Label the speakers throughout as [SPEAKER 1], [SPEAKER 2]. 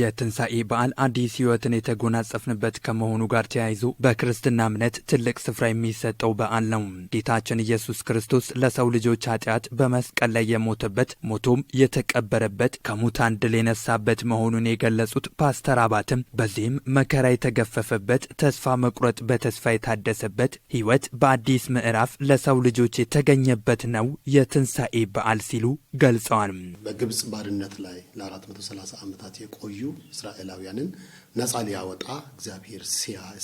[SPEAKER 1] የትንሣኤ በዓል አዲስ ሕይወትን የተጎናጸፍንበት ከመሆኑ ጋር ተያይዞ በክርስትና እምነት ትልቅ ስፍራ የሚሰጠው በዓል ነው። ጌታችን ኢየሱስ ክርስቶስ ለሰው ልጆች ኃጢአት በመስቀል ላይ የሞተበት ሞቶም የተቀበረበት ከሙታን ድል የነሳበት መሆኑን የገለጹት ፓስተር አባትም በዚህም መከራ የተገፈፈበት ተስፋ መቁረጥ በተስፋ የታደሰበት ሕይወት በአዲስ ምዕራፍ ለሰው ልጆች የተገኘበት ነው የትንሣኤ በዓል ሲሉ ገልጸዋል።
[SPEAKER 2] በግብፅ ባርነት ላይ ለ430 ዓመታት የቆዩ እስራኤላውያንን ነፃ ሊያወጣ እግዚአብሔር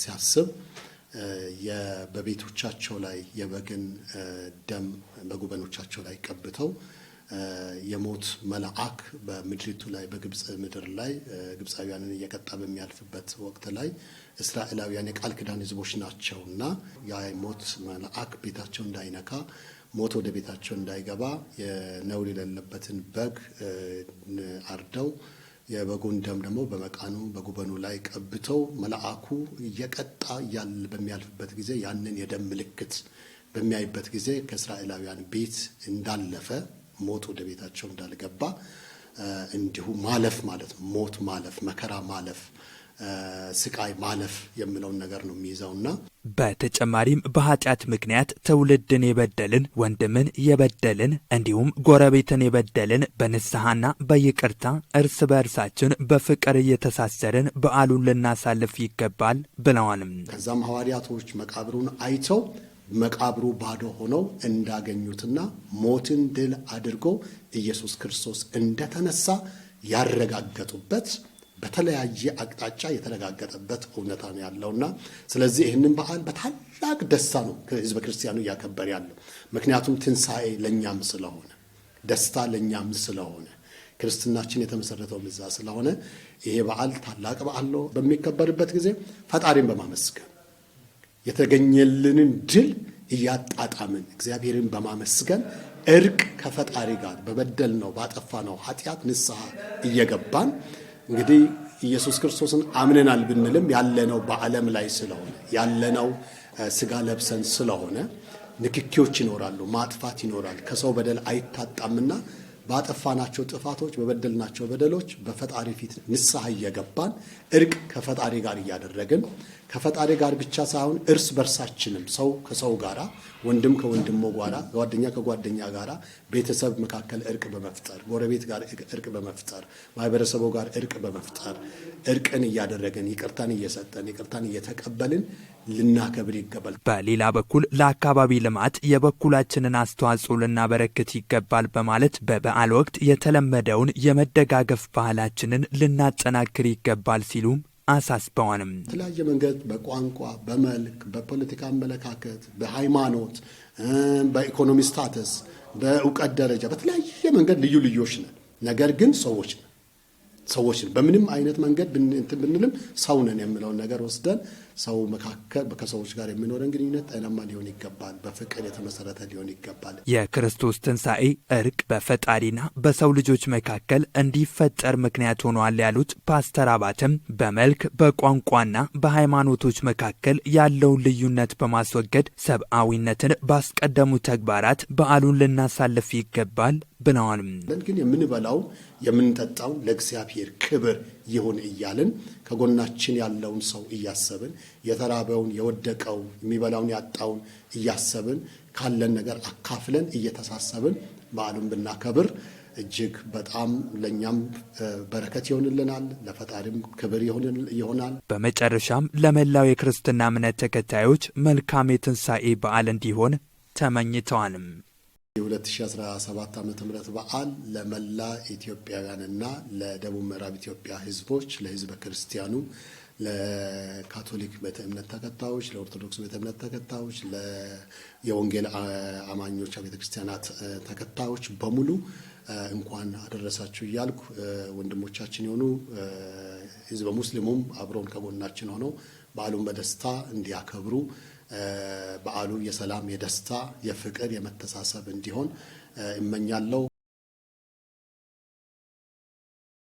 [SPEAKER 2] ሲያስብ በቤቶቻቸው ላይ የበግን ደም በጉበኖቻቸው ላይ ቀብተው የሞት መልአክ በምድሪቱ ላይ በግብፅ ምድር ላይ ግብፃውያንን እየቀጣ በሚያልፍበት ወቅት ላይ እስራኤላውያን የቃል ህዝቦች ናቸው እና የሞት መልአክ ቤታቸው እንዳይነካ ሞት ወደ ቤታቸው እንዳይገባ ነውር የሌለበትን በግ አርደው የበጉን ደም ደግሞ በመቃኑ በጉበኑ ላይ ቀብተው መልአኩ እየቀጣ እያል በሚያልፍበት ጊዜ ያንን የደም ምልክት በሚያይበት ጊዜ ከእስራኤላውያን ቤት እንዳለፈ ሞት ወደ ቤታቸው እንዳልገባ እንዲሁ ማለፍ ማለት ነው። ሞት ማለፍ፣ መከራ ማለፍ፣ ስቃይ ማለፍ የምለውን ነገር ነው የሚይዘውና
[SPEAKER 1] በተጨማሪም በኃጢአት ምክንያት ትውልድን የበደልን ወንድምን የበደልን እንዲሁም ጎረቤትን የበደልን በንስሐና በይቅርታ እርስ በእርሳችን በፍቅር እየተሳሰርን በዓሉን ልናሳልፍ ይገባል ብለዋል።
[SPEAKER 2] ከዛም ሐዋርያቶች መቃብሩን አይተው መቃብሩ ባዶ ሆነው እንዳገኙትና ሞትን ድል አድርጎ ኢየሱስ ክርስቶስ እንደተነሳ ያረጋገጡበት በተለያየ አቅጣጫ የተረጋገጠበት እውነታ ነው ያለውና ስለዚህ ይህንን በዓል በታላቅ ደስታ ነው ህዝበ ክርስቲያኑ እያከበር ያለው። ምክንያቱም ትንሣኤ ለእኛም ስለሆነ ደስታ ለእኛም ስለሆነ ክርስትናችን የተመሰረተው ምዛ ስለሆነ ይሄ በዓል ታላቅ በዓል ነው። በሚከበርበት ጊዜ ፈጣሪን በማመስገን የተገኘልንን ድል እያጣጣምን እግዚአብሔርን በማመስገን እርቅ ከፈጣሪ ጋር በበደል ነው ባጠፋ ነው ኃጢአት ንስሐ እየገባን እንግዲህ ኢየሱስ ክርስቶስን አምነናል ብንልም ያለነው በዓለም ላይ ስለሆነ ያለነው ስጋ ለብሰን ስለሆነ ንክኪዎች ይኖራሉ፣ ማጥፋት ይኖራል። ከሰው በደል አይታጣምና ባጠፋናቸው ጥፋቶች፣ በበደልናቸው በደሎች በፈጣሪ ፊት ንስሐ እየገባን እርቅ ከፈጣሪ ጋር እያደረግን ከፈጣሪ ጋር ብቻ ሳይሆን እርስ በርሳችንም ሰው ከሰው ጋራ፣ ወንድም ከወንድሞ ጋራ፣ ጓደኛ ከጓደኛ ጋራ፣ ቤተሰብ መካከል እርቅ በመፍጠር ጎረቤት ጋር እርቅ በመፍጠር ማህበረሰቡ ጋር እርቅ በመፍጠር እርቅን እያደረገን ይቅርታን እየሰጠን ይቅርታን እየተቀበልን ልናከብር ይገባል።
[SPEAKER 1] በሌላ በኩል ለአካባቢ ልማት የበኩላችንን አስተዋጽኦ ልናበረክት ይገባል በማለት በበዓል ወቅት የተለመደውን የመደጋገፍ ባህላችንን ልናጠናክር ይገባል ሲሉም አሳስበዋንም።
[SPEAKER 2] በተለያየ መንገድ በቋንቋ፣ በመልክ፣ በፖለቲካ አመለካከት፣ በሃይማኖት፣ በኢኮኖሚ ስታተስ፣ በእውቀት ደረጃ በተለያየ መንገድ ልዩ ልዮች ነን። ነገር ግን ሰዎች ነን ሰዎች በምንም አይነት መንገድ እንትን ብንልም ሰው ነን የምለውን ነገር ወስደን ሰው መካከል ከሰዎች ጋር የሚኖረን ግንኙነት ጤናማ ሊሆን ይገባል፣ በፍቅር የተመሰረተ ሊሆን ይገባል።
[SPEAKER 1] የክርስቶስ ትንሣኤ እርቅ በፈጣሪና በሰው ልጆች መካከል እንዲፈጠር ምክንያት ሆኗል ያሉት ፓስተር አባተም በመልክ በቋንቋና በሃይማኖቶች መካከል ያለውን ልዩነት በማስወገድ ሰብአዊነትን ባስቀደሙ ተግባራት በዓሉን ልናሳልፍ ይገባል ብለዋል።
[SPEAKER 2] ግን የምንበላው የምንጠጣው ለእግዚአብሔር ክብር ይሁን እያልን ከጎናችን ያለውን ሰው እያሰብን የተራበውን የወደቀውን የሚበላውን ያጣውን እያሰብን ካለን ነገር አካፍለን እየተሳሰብን በዓሉን ብናከብር እጅግ በጣም ለእኛም በረከት ይሆንልናል፣ ለፈጣሪም ክብር ይሆናል።
[SPEAKER 1] በመጨረሻም ለመላው የክርስትና እምነት ተከታዮች መልካም የትንሣኤ በዓል እንዲሆን ተመኝተዋልም።
[SPEAKER 2] የ2017 ዓ ም በዓል ለመላ ኢትዮጵያውያንና ለደቡብ ምዕራብ ኢትዮጵያ ህዝቦች ለህዝበ ክርስቲያኑ ለካቶሊክ ቤተ እምነት ተከታዮች፣ ለኦርቶዶክስ ቤተ እምነት ተከታዮች፣ የወንጌል አማኞች ቤተ ክርስቲያናት ተከታዮች በሙሉ እንኳን አደረሳችሁ እያልኩ ወንድሞቻችን የሆኑ ህዝበ ሙስሊሙም አብረውን ከጎናችን ሆነው በዓሉን በደስታ እንዲያከብሩ በዓሉ የሰላም፣ የደስታ፣ የፍቅር፣ የመተሳሰብ እንዲሆን እመኛለሁ።